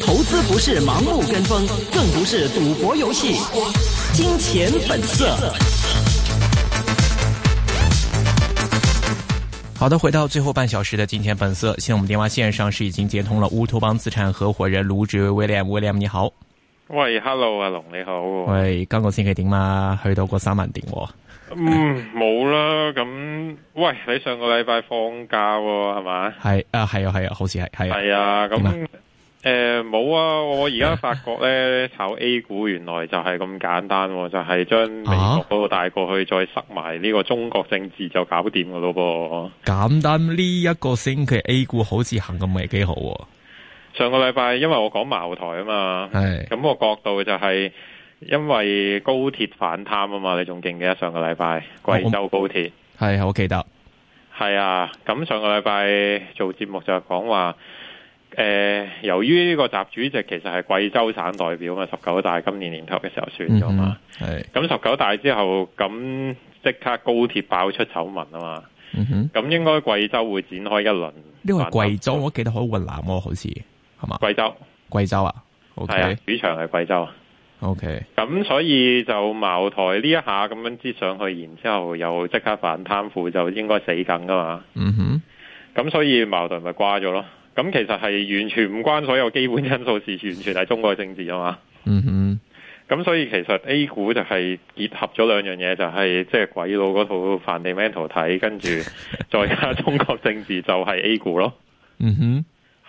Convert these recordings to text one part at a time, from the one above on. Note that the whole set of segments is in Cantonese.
投資不是盲目跟風，更不是賭博遊戲。金錢本色。好的，回到最後半小時的金錢本色，現在我們電話線上是已經接通了烏托邦資產合夥人盧志威 William，William 你好。喂，Hello 阿龍你好。喂，今日先係點嘛？去到過三萬電話。嗯，冇啦。咁喂，你上個禮拜放假係咪？係啊，係啊，係啊，好似係係啊。咁誒、啊，冇啊、呃、啊！我而家發覺咧，炒 A 股原來就係咁簡單，啊，就係將美國嗰度帶過去，再塞埋呢個中國政治就搞掂噶咯噃。簡單呢一、這個星期 A 股好似行咁未幾好、啊。上個禮拜因為我講茅台啊嘛，係咁個角度就係、是。因為高鐵反貪啊嘛，你仲記唔記得上個禮拜貴州高鐵係、哦，我記得係啊。咁上個禮拜做節目就係講話，誒、呃，由於呢個習主席其實係貴州省代表啊嘛，十九大今年年頭嘅時候選咗嘛，係、嗯。咁十九大之後，咁即刻高鐵爆出醜聞啊嘛，咁、嗯、哼應該貴州會展開一輪。呢個貴州我記得好雲南咯、啊，好似係嘛？貴州貴州啊，係、okay. 啊、主場係貴州啊。OK，咁所以就茅台呢一下咁樣跌上去，然之後又即刻反貪腐就應該死梗噶嘛。嗯哼、mm，咁、hmm. 所以茅台咪掛咗咯。咁其實係完全唔關所有基本因素事，完全係中國政治啊嘛。嗯哼、mm，咁、hmm. 所以其實 A 股就係結合咗兩樣嘢，就係即係鬼佬嗰套 fundamental 睇，跟住再加中國政治就係 A 股咯。嗯哼、mm。Hmm.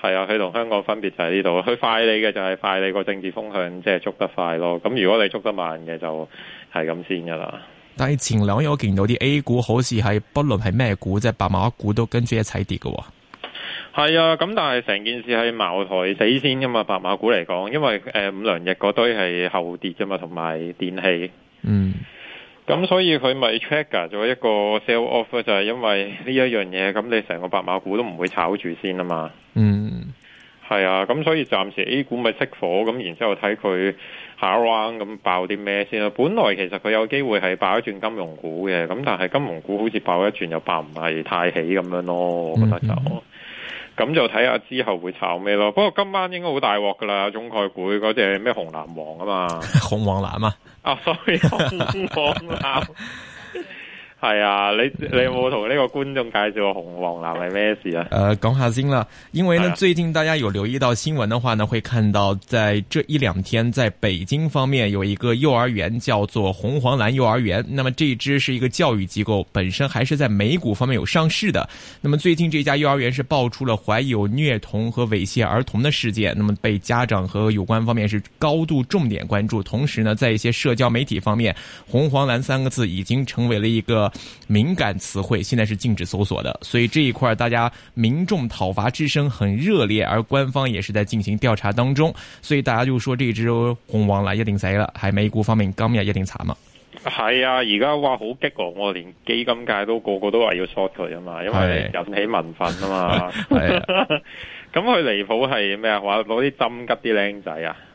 係啊，佢同香港分別就喺呢度。佢快你嘅就係快你個政治風向，即係捉得快咯。咁如果你捉得慢嘅，就係咁先噶啦。但係前兩日我見到啲 A 股，好似係不論係咩股，即係白馬股都跟住一齊跌嘅。係啊，咁但係成件事係茅台死先噶嘛？白馬股嚟講，因為誒五糧液嗰堆係後跌噶嘛，同埋電器。嗯。咁所以佢咪 check 咗一個 sell off 就係因為呢一樣嘢，咁你成個白馬股都唔會炒住先啊嘛。嗯。係啊，咁所以暫時 A 股咪熄火，咁然之後睇佢下一 round 咁爆啲咩先啦。本來其實佢有機會係爆一轉金融股嘅，咁但係金融股好似爆一轉又爆唔係太起咁樣咯，我覺得就咁、嗯嗯、就睇下之後會炒咩咯。不過今晚應該好大鑊噶啦，中概股嗰隻咩紅藍黃啊嘛， 紅黃藍啊啊，sorry，紅黃藍。 係啊，你你有冇同呢個觀眾介紹個紅黃藍係咩事啊？誒，講下先啦，因為呢最近大家有留意到新聞的話呢，會看到在這一兩天，在北京方面有一個幼兒園叫做紅黃藍幼兒園，那麼這一只是一個教育機構，本身還是在美股方面有上市的。那麼最近這家幼兒園是爆出了懷有虐童和猥褻兒童的事件，那麼被家長和有關方面是高度重點關注，同時呢，在一些社交媒體方面，紅黃藍三個字已經成為了一個。敏感詞彙現在是禁止搜索的，所以這一塊大家民眾討伐之聲很熱烈，而官方也是在進行調查當中，所以大家就說這隻紅王嚟一定死啦，喺美股方面今日一定慘嘛。係啊，而家哇好激昂我連基金界都個個都話要 short 佢啊嘛，因為引起民憤啊嘛。係，咁佢離譜係咩啊？話攞啲針急啲靚仔啊？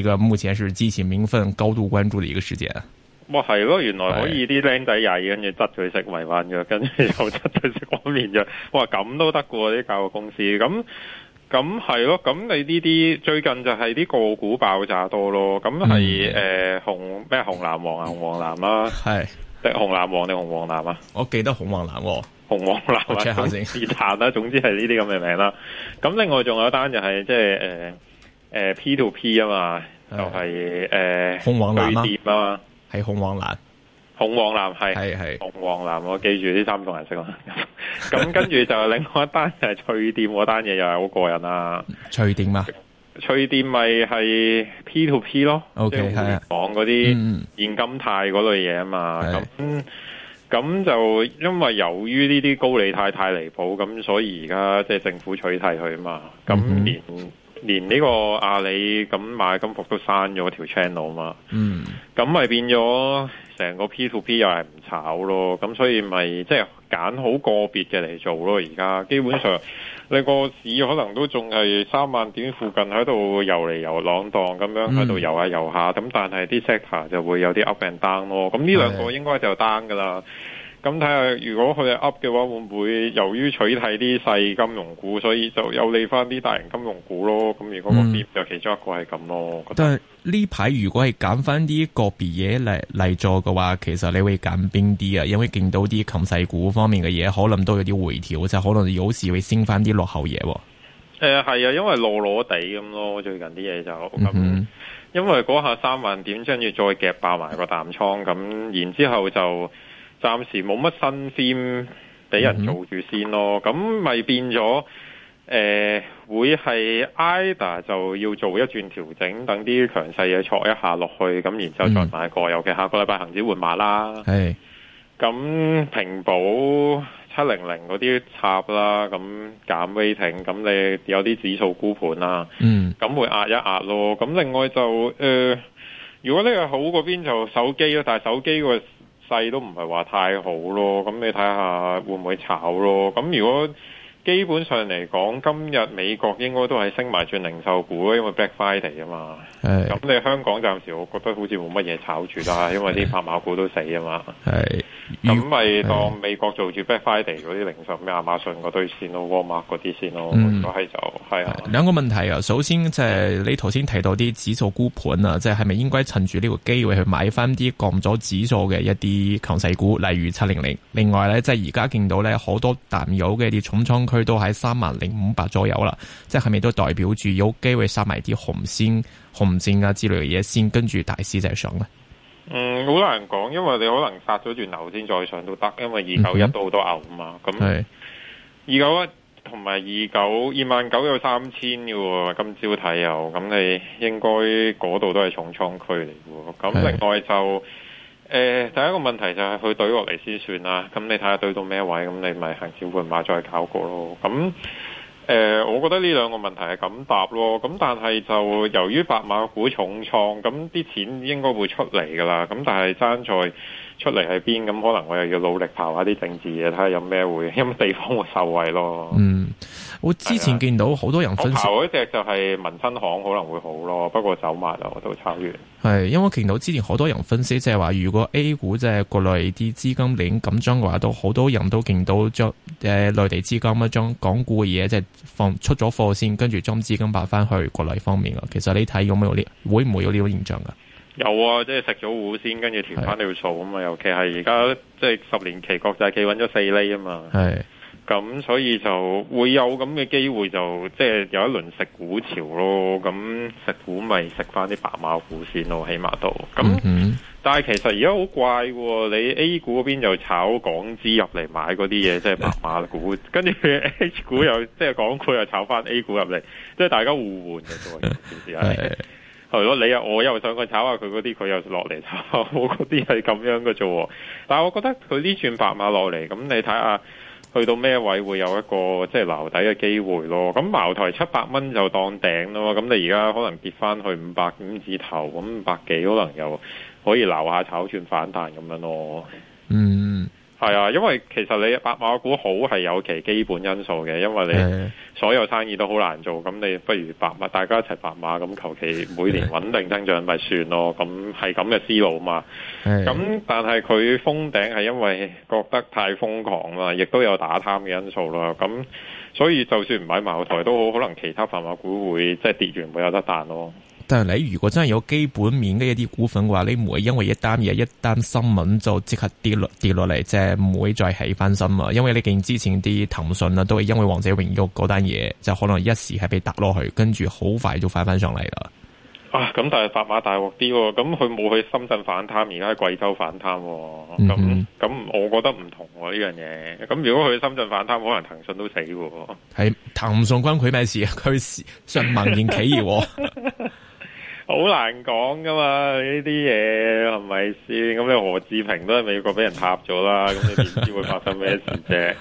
一個目前是激起民憤、高度關注嘅一個事件。哇，係咯，原來可以啲僆仔曳，跟住執住食迷幻藥，跟住又執住食安眠藥。哇，咁都得嘅喎呢間公司。咁咁係咯，咁你呢啲最近就係啲個股爆炸多咯。咁係誒紅咩紅藍黃啊，紅黃藍啦、啊，係、嗯。誒紅藍黃定紅黃藍啊？我記得紅黃藍、哦。紅黃藍、啊，我 check 下先。啦、 啊，總之係呢啲咁嘅名啦。咁 另外仲有一單就係即係誒。呃呃誒、呃、P to P 啊嘛，就係、是、誒，紅黃藍嗎？係紅黃藍，紅黃藍係係係紅黃藍，我記住呢三種顏色啦。咁跟住就另外一單係趣店嗰單嘢又係好過癮啊，趣店嗎？趣店咪係 P to P 咯，即係講嗰啲現金貸嗰類嘢啊嘛。咁咁是就因為由於呢啲高利貸太離譜，咁所以而家即係政府取締佢啊嘛。咁連、嗯嗯連呢個阿里咁買金服都刪咗條 channel 啊嘛，咁咪、嗯、變咗成個 P to P 又係唔炒咯，咁所以咪即係揀好個別嘅嚟做咯。而家基本上你個市可能都仲係三萬點附近喺度游嚟游浪盪咁樣喺度、嗯、游下游下，咁但係啲 sector 就會有啲 up and down 咯。咁呢兩個應該就 down 噶啦。咁睇下，如果佢係 up 嘅話，會唔會由於取締啲細金融股，所以就有利翻啲大型金融股咯？咁如果個碟就其中一個係咁咯。但係呢排如果係揀翻啲個別嘢嚟嚟做嘅話，其實你會揀邊啲啊？因為見到啲禽細股方面嘅嘢，可能都有啲回調，就可能有時會升翻啲落後嘢。誒，係啊，因為裸裸地咁咯，最近啲嘢就，咁因為嗰下三萬點，跟住再夾爆埋個淡倉，咁然之後就。暫時冇乜新鮮俾人做住先咯，咁咪、嗯、哼變咗誒、呃，會係 IDA 就要做一轉調整，等啲強勢嘢挫一下落去，咁然之後再買過，嗯、尤其下個禮拜恒指換馬啦，係是，咁平保七零零嗰啲插啦，咁減 rating，咁你有啲指數沽盤啦，嗯，咁會壓一壓咯，咁另外就誒、呃，如果呢個好嗰邊就手機咯，但係手機嘅。都唔係話太好咯，咁、嗯、你睇下會唔會炒咯？咁、嗯、如果基本上嚟講，今日美國應該都係升埋轉零售股，因為 Black Friday 啊嘛。咁是你香港暫時，我覺得好似冇乜嘢炒住啦，因為啲拍賣股都死啊嘛。係咁，咪當美國做住 Black Friday 嗰啲零售，咩亞馬遜嗰堆先咯，Walmart 嗰啲先咯。嗯，係就係啊。兩個問題啊，首先即係你頭先提到啲指數沽盤啊，即係係咪應該趁住呢個機會去買翻啲降咗指數嘅一啲強勢股，例如七零零。另外咧，即係而家見到咧好多大股嘅啲重倉區。去到喺三萬零五百左右啦，即係咪都代表住有機會殺埋啲紅線、紅線啊之類嘅嘢，先跟，跟住大市就係上嘅。嗯，好難講，因為你可能殺咗轉牛先再上都得，因為二九一都好多牛啊嘛。咁二九一同埋二九二萬九有三千嘅喎，今朝睇，又，咁你應該嗰度都係重倉區嚟嘅。咁另外就。誒、呃，第一個問題就係佢懟落嚟先算啦。咁你睇下懟到咩位，咁你咪行小換馬再搞過咯。咁誒、呃，我覺得呢兩個問題係咁答咯。咁但係就由於白馬股重創，咁啲錢應該會出嚟噶啦。咁但係爭在。出嚟喺邊咁，可能我又要努力刨下啲政治嘢，睇下有咩會，有咩地方會受惠咯。嗯，我之前見到好多人分析，啊、我刨嗰隻就係民生行可能會好咯。不過走埋啦，我都參與。係，因為我見到之前好多人分析，即係話如果 A 股即係國內啲資金嚟，咁將嘅話，都好多人都見到將誒內地資金乜將港股嘅嘢即係放出咗貨先，跟住將資金擺翻去國內方面啊。其實你睇有冇呢？會唔會有呢種現象噶？有啊，即係食咗糊先，跟住調翻你條數啊嘛。尤其係而家即係十年期國債企穩咗四厘啊嘛。係咁是，所以就會有咁嘅機會，就即係有一輪食股潮咯。咁、嗯、食股咪食翻啲白馬股先咯，起碼都咁。但係其實而家好怪，你 A 股嗰邊就炒港資入嚟買嗰啲嘢，即係白馬股，跟住 H 股又 即係港股又炒翻 A 股入嚟，即係大家互換嘅。係咯， 你又我又想去炒下佢嗰啲，佢又落嚟炒下，我嗰啲係咁樣嘅啫。但係我覺得佢呢串白馬落嚟，咁你睇下，去到咩位會有一個即係留底嘅機會咯。咁茅台七百蚊就當頂咯。咁你而家可能跌翻去五百五字頭，五百幾可能又可以留下炒串反彈咁樣咯。樣嗯。係啊，因為其實你白馬股好係有其基本因素嘅，因為你所有生意都好難做，咁你不如白馬大家一齊白馬咁，求其每年穩定增長咪算咯，咁係咁嘅思路嘛。咁但係佢封頂係因為覺得太瘋狂啦，亦都有打貪嘅因素啦。咁所以就算唔買茅台都好，可能其他白馬股會即係跌完會有得彈咯。但係你如果真係有基本面嘅一啲股份嘅話，你唔會因為一單嘢、一單新聞就即刻跌落跌落嚟，即係唔會再起翻身啊！因為你見之前啲騰訊啦，都係因為王者榮耀嗰單嘢就可能一時係被砸落去，跟住好快就翻翻上嚟啦。啊，咁但係白馬大鑊啲、哦，咁佢冇去深圳反貪，而家喺貴州反貪、哦。咁咁、嗯哼，我覺得唔同呢、啊、樣嘢。咁如果去深圳反貪，可能騰訊都死、哦。係騰訊關佢咩事啊？佢上民營企業、哦。 好難講噶嘛，呢啲嘢係咪先？咁你何志平都係美國俾人撻咗啦，咁你點知會發生咩事啫？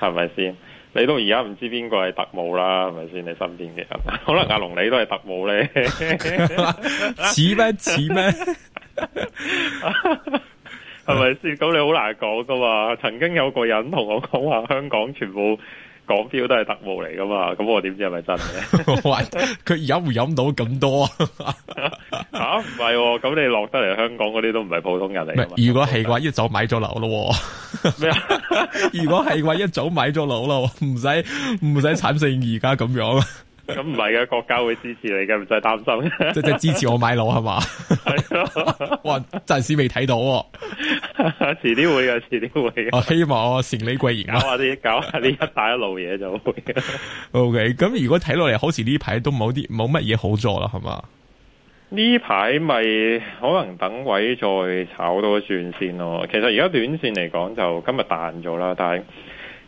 係咪先？你到而家唔知邊個係特務啦，係咪先？你身邊嘅人， 可能阿龍你都係特務咧？似咩似咩？係咪先？咁你好難講噶嘛？曾經有個人同我講，話香港全部。港漂都係特務嚟噶嘛，咁我點知係咪真嘅？唔係， 佢飲唔飲到咁多啊？吓、啊，唔係，咁你落得嚟香港嗰啲都唔係普通人嚟。如果係嘅話，一早買咗樓咯。咩啊？如果係嘅話，一早買咗樓咯，唔使唔使慘成而家咁樣。 咁唔係嘅，國家會支持你嘅，唔使擔心。即即支持我買樓係嘛？係咯， 哇！暫時未睇到、啊，遲啲 會嘅，遲啲會嘅。我、啊、希望我成年貴而家搞下啲，搞下呢一帶一路嘢就會。O K，咁如果睇落嚟，好似呢排都冇啲冇乜嘢好做啦，係嘛？呢排咪可能等位再炒多一轉先咯。其實而家短線嚟講，就今日彈咗啦，但係。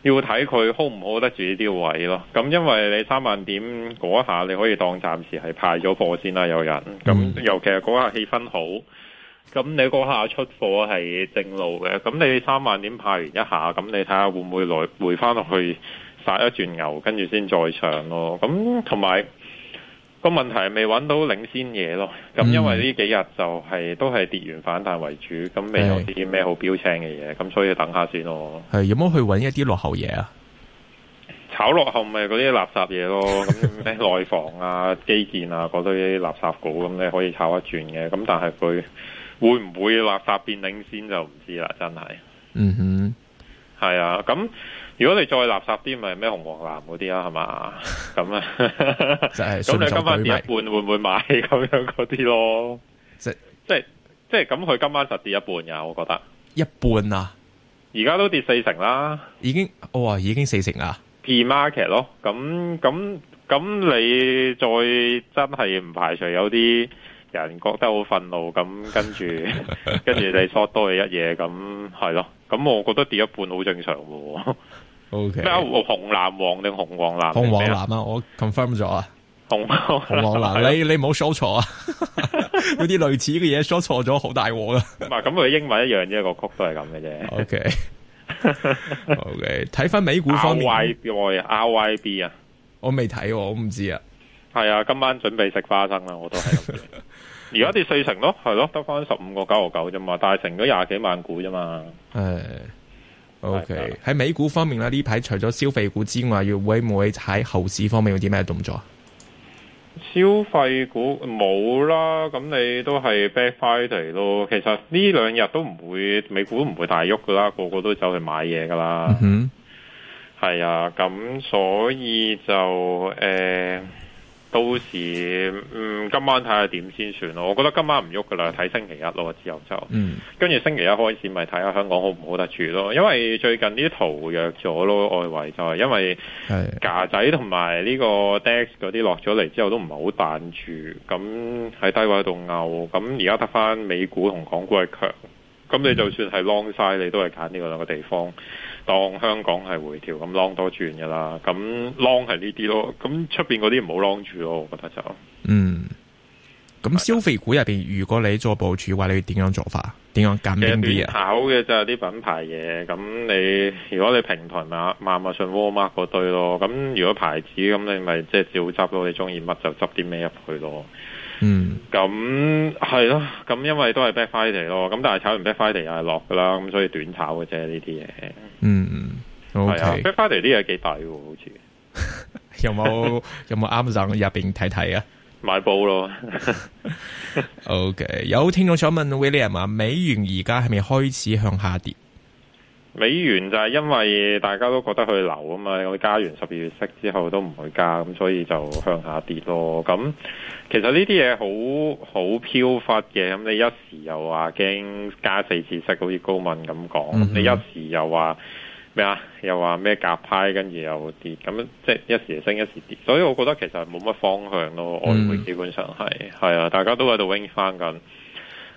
要睇佢 hold 唔 hold 得住呢啲位咯，咁因為你三萬點嗰一下你可以當暫時係派咗貨先啦，有人，咁尤其係嗰下氣氛好，咁你嗰下出貨係正路嘅，咁你三萬點派完一下，咁你睇下會唔會來回翻落去殺一轉牛，跟住先再唱咯，咁同埋。個問題係未揾到領先嘢咯，咁因為呢幾日就係、是、都係跌完反彈為主，咁、嗯、未有啲咩好標青嘅嘢，咁的所以等下先咯。係，有冇去揾一啲落後嘢啊？炒落後咪嗰啲垃圾嘢咯，咁咩內房啊、基建啊嗰堆垃圾股，咁你可以炒一轉嘅，咁但係佢會唔會垃圾變領先就唔知啦，真係。嗯哼，係啊，咁。如果你再垃圾啲，咪、就、咩、是、紅黃藍嗰啲啊，係嘛？咁啊，咁你今晚跌一半，會唔會買咁樣嗰啲咯？即即即咁，佢今晚實跌一半㗎，我覺得。一半啊！而家都跌四成啦，已經哇、哦，已經四成啦。 P market 咯，咁咁咁，你再真係唔排除有啲人覺得好憤怒，咁跟住 跟住你索多你一嘢咁係咯，咁我覺得跌一半好正常喎。 O K. 咩紅藍黃定紅黃藍？紅黃藍啊！麼我 confirm 咗啊！紅紅黃，黃藍，吧你你唔好 short 錯啊！嗰啲 類似嘅嘢 short 錯咗，好大鑊啊！唔係咁佢英文一樣啫，個曲都係咁嘅啫。O K. O K. 睇翻美股方面 Y B R Y B 啊！我未睇、啊，我唔知啊。係啊，今晚準備食花生啦，我都係。而家跌四成咯，係咯，得翻十五個九毫九啫嘛，但係成咗廿幾萬股啫嘛。誒。O K，喺美股方面啦，呢排除咗消費股之外，要會唔會喺後市方面有啲咩動作？消費股冇啦，咁你都係 Black Friday 咯。其實呢兩日都唔會，美股都唔會大喐噶啦，個個都走去買嘢噶啦。嗯、mm，係、hmm. 啊，咁所以就誒。欸到時嗯，今晚睇下點先算咯。我覺得今晚唔喐㗎喇，睇星期一咯，之後就，跟住、嗯、星期一開始咪睇下香港好唔好得住咯。因為最近呢啲圖弱咗咯，外圍就係因為係價仔同埋呢個 DAX 嗰啲落咗嚟之後都唔係好彈住，咁喺低位度拗，咁而家得返美股同港股係強，咁你就算係 long 曬，你都係揀呢個兩個地方。當香港係回調，咁 long 多轉嘅啦，咁 long 係呢啲咯，咁出邊嗰啲唔好 long 住咯，我覺得就嗯。咁消費股入邊，如果你做部署嘅話你點樣做法？點樣揀啲嘢？炒嘅就係啲品牌嘢。咁你如果你平台買買咪信沃 mark 嗰堆咯。咁如果牌子咁，你咪即係照執咯。你中意乜就執啲咩入去咯。嗯，咁係咯。咁因為都係 backfire 地咯。咁但係炒完 backfire 地又係落噶啦。咁所以短炒嘅啫呢啲嘢。嗯嗯，好、okay. 啊。backfire 地啲嘢幾大嘅，好似 有冇有冇啱入入邊睇睇啊？有 買煲咯。OK，有聽眾想問 William 啊，美元而家係咪開始向下跌？美元就係因為大家都覺得佢流啊嘛，我加完十二月息之後都唔會加，咁所以就向下跌咯。咁其實呢啲嘢好好飄忽嘅，咁你一時又話驚加四次息，好似高敏咁講，嗯、哼你一時又話。咩啊？又話咩夾派，跟住又跌，咁即係一時升一時跌，所以我覺得其實冇乜方向咯，外匯基本上係係啊，大家都喺度 wing 翻緊。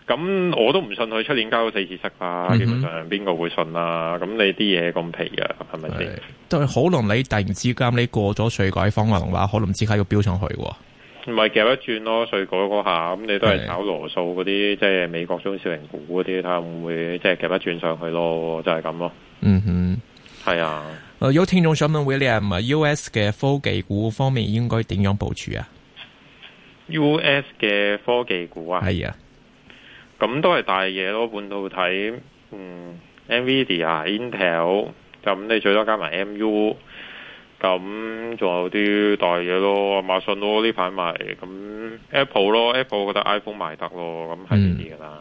咁我都唔信佢出年交咗四次息啦，嗯哼基本上邊個會信啊？咁你啲嘢咁皮啊，係咪先？但係可能你突然之間你過咗稅改方案嘅話，可能即刻要飆上去。唔係夾一轉咯，稅改嗰下，咁你都係搞羅素嗰啲，的即係美國中小型股嗰啲，睇下會唔會即係夾一轉上去咯，就係、是、咁咯。嗯哼，係啊。誒，有聽眾想問 William 啊，U. S. 嘅科技股方面應該點樣部署啊？U. S. 嘅科技股啊，係啊、哎呀。咁都係大嘢咯，半導體。嗯，Nvidia、IA, Intel。咁你最多加埋 M. U。咁仲有啲大嘢咯，亞馬遜，咯呢排賣。咁 Apple 咯，Apple 我覺得 iPhone 賣得咯，咁係呢啲噶啦。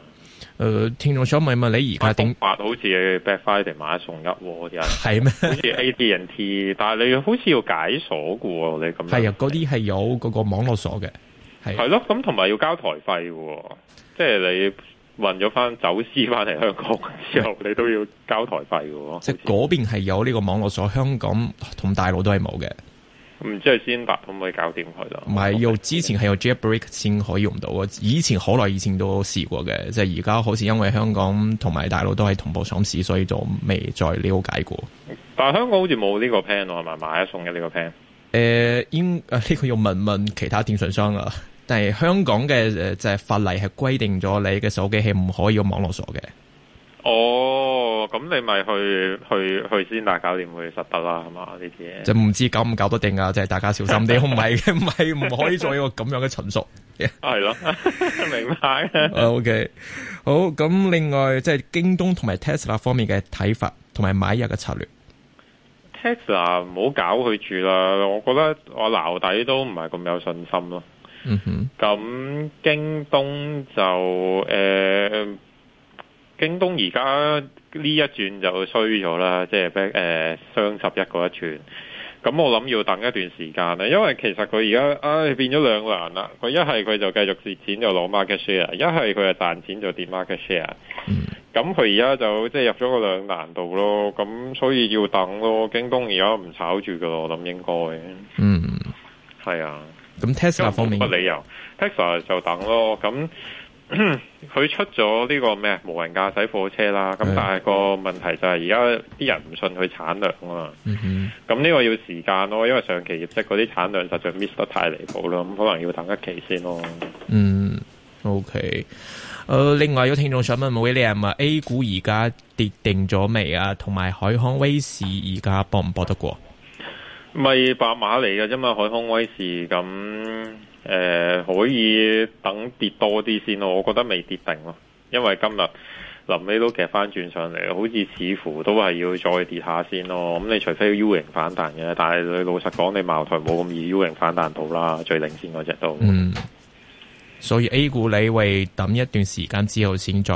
誒、呃，聽眾想問問你而家點發？啊、好似 Black Friday 買一送，哦、一，係咩？好似 AT&T，但係你好似要解鎖嘅，哦，你咁係啊？嗰啲係有嗰個網絡鎖嘅，係係咯。咁同埋要交台費嘅，哦，即係你運咗翻走私翻嚟香港之後， 你都要交台費嘅。即係嗰邊係有呢個網絡鎖，香港同大陸都係冇嘅。唔知係先吧，可唔可以搞掂佢咯？唔係，要之前係有 Jetbreak 先可以用到啊。以前好耐以前都試過嘅，即係而家好似因為香港同埋大陸都係同步上市，所以就未再了解過。但係香港好似冇呢個 plan 咯，係咪買一送一呢、呢個 plan？誒、呃，應誒呢、呃呢個要問問其他電信商啊。但係香港嘅誒即係法例係規定咗你嘅手機係唔可以用網絡鎖嘅。哦，咁你咪去去去先達搞掂佢實得啦，係嘛？呢啲嘢，就唔知搞唔搞得定啊！即係大家小心啲，唔係唔係唔可以做一個咁樣嘅陳述。係咯，明白。OK，好。咁另外，即係京東同埋 Tesla 方面嘅睇法，同埋買入嘅策略。Tesla 唔好搞佢住啦，我覺得我留底都唔係咁有信心咯。嗯哼，咁京東就誒。呃京東而家呢一轉就衰咗啦，即係誒、呃、雙十一嗰一轉。咁我諗要等一段時間咧，因為其實佢而家唉變咗兩難啦。佢一係佢就繼續蝕錢就攞 market share，一係佢係賺錢就跌 market share。咁佢而家就即係入咗個兩難度咯。咁所以要等咯。京東而家唔炒住噶咯，我諗應該。嗯，係啊。咁 Tesla 方面，冇乜理由。Tesla、嗯、就等咯。咁、嗯。佢 出咗呢個咩無人駕駛貨車啦，咁但係個問題就係而家啲人唔信佢產量啊嘛，咁呢、嗯、哼個要時間咯，因為上期業績嗰啲產量實在 miss 得太離譜啦，咁可能要等一期先咯。嗯，OK，誒、呃，另外有聽眾想問 William 啊，A 股而家跌定咗未啊？同埋海康威視而家搏唔搏得過？咪 白馬嚟嘅啫嘛，海康威視咁。誒、呃，可以等跌多啲先咯，我覺得未跌定咯，因為今日臨尾都夾翻轉上嚟，好似似乎都係要再跌下先咯。咁你除非 U 型反彈嘅，但係你老實講，你茅台冇咁易 U 型反彈到啦，最領先嗰隻都。嗯。所以 A 股你會等一段時間之後先再。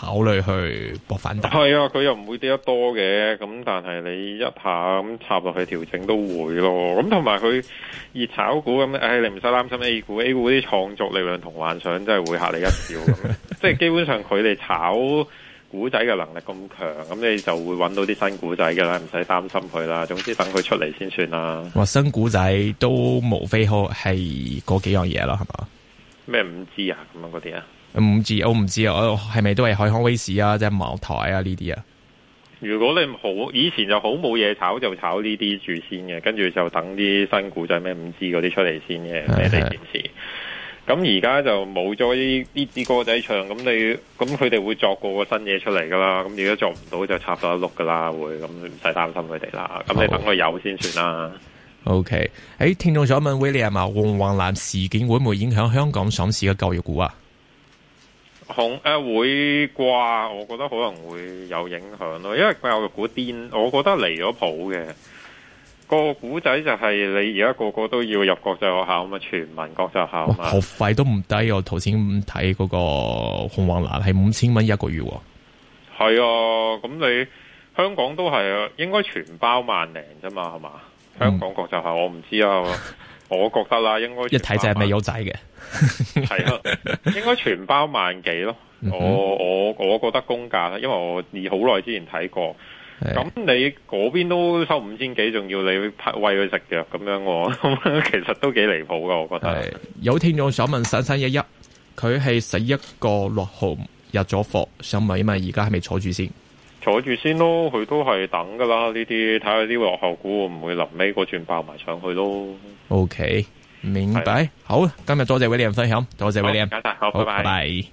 考慮去博反彈，係啊，佢又唔會跌得多嘅，咁但係你一下咁插落去調整都會咯。咁同埋佢熱炒股咁，唉、哎，你唔使擔心 A 股 A 股啲創作力量同幻想，真係會嚇你一跳咁。即係基本上佢哋炒股仔嘅能力咁強，咁你就會揾到啲新股仔噶啦，唔使擔心佢啦。總之等佢出嚟先算啦。話新股仔都無非係嗰幾樣嘢咯，係嘛？咩五 G 啊，咁樣嗰啲啊？唔知我唔知啊，係、哦、咪都係海康威視啊，即係茅台啊呢啲啊。如果你好以前就好冇嘢炒，就炒呢啲住先嘅，跟住就等啲新股仔咩五 G 嗰啲出嚟先嘅。你點視咁而家就冇咗呢啲歌仔唱，咁你咁佢哋會作過個新嘢出嚟噶啦。咁如果作唔到就插咗一碌噶啦，會咁唔使擔心佢哋啦。咁、oh. 你等佢有先算啦。OK，誒、欸，聽眾想問威廉啊，William, 紅黃藍事件會唔會影響香港上市嘅教育股啊？紅誒會掛，我覺得可能會有影響咯，因為佢有個股癲，我覺得離咗譜嘅。個股仔就係你而家個個都要入國際學校咁啊，全民國際學校，學費哇都唔低。我頭先睇嗰個紅黃藍係五千蚊一個月。係啊，咁、啊、你香港都係啊，應該全包萬零啫嘛，係嘛？香港國際學校、嗯、我唔知啊。 我覺得啦，應該一睇就係咪有仔嘅，係啊，應該全包萬幾 咯。 我我我覺得公價啦，因為我好耐之前睇過。咁 你嗰邊都收五千幾，仲要你派餵佢食藥咁樣、哦， 其實都幾離譜噶。我覺得有聽眾想問三三一一，佢係十一個六號入咗貨，想問啊嘛，而家係咪坐住先？坐住先咯，佢都係等噶啦，呢啲睇下呢啲落後股會唔會臨尾嗰轉爆埋上去咯。OK，明白。的好，今日多謝威廉分享，多謝威廉，唔該晒，好，拜拜好。咁樣 bye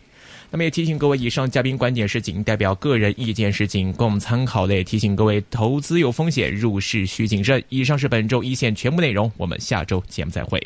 也提醒各位，以上嘉賓觀點是僅代表個人意見事情，是僅供參考嘅。提醒各位，投資有風險，入市需謹慎。以上是本周一線全部內容，我們下周節目再會。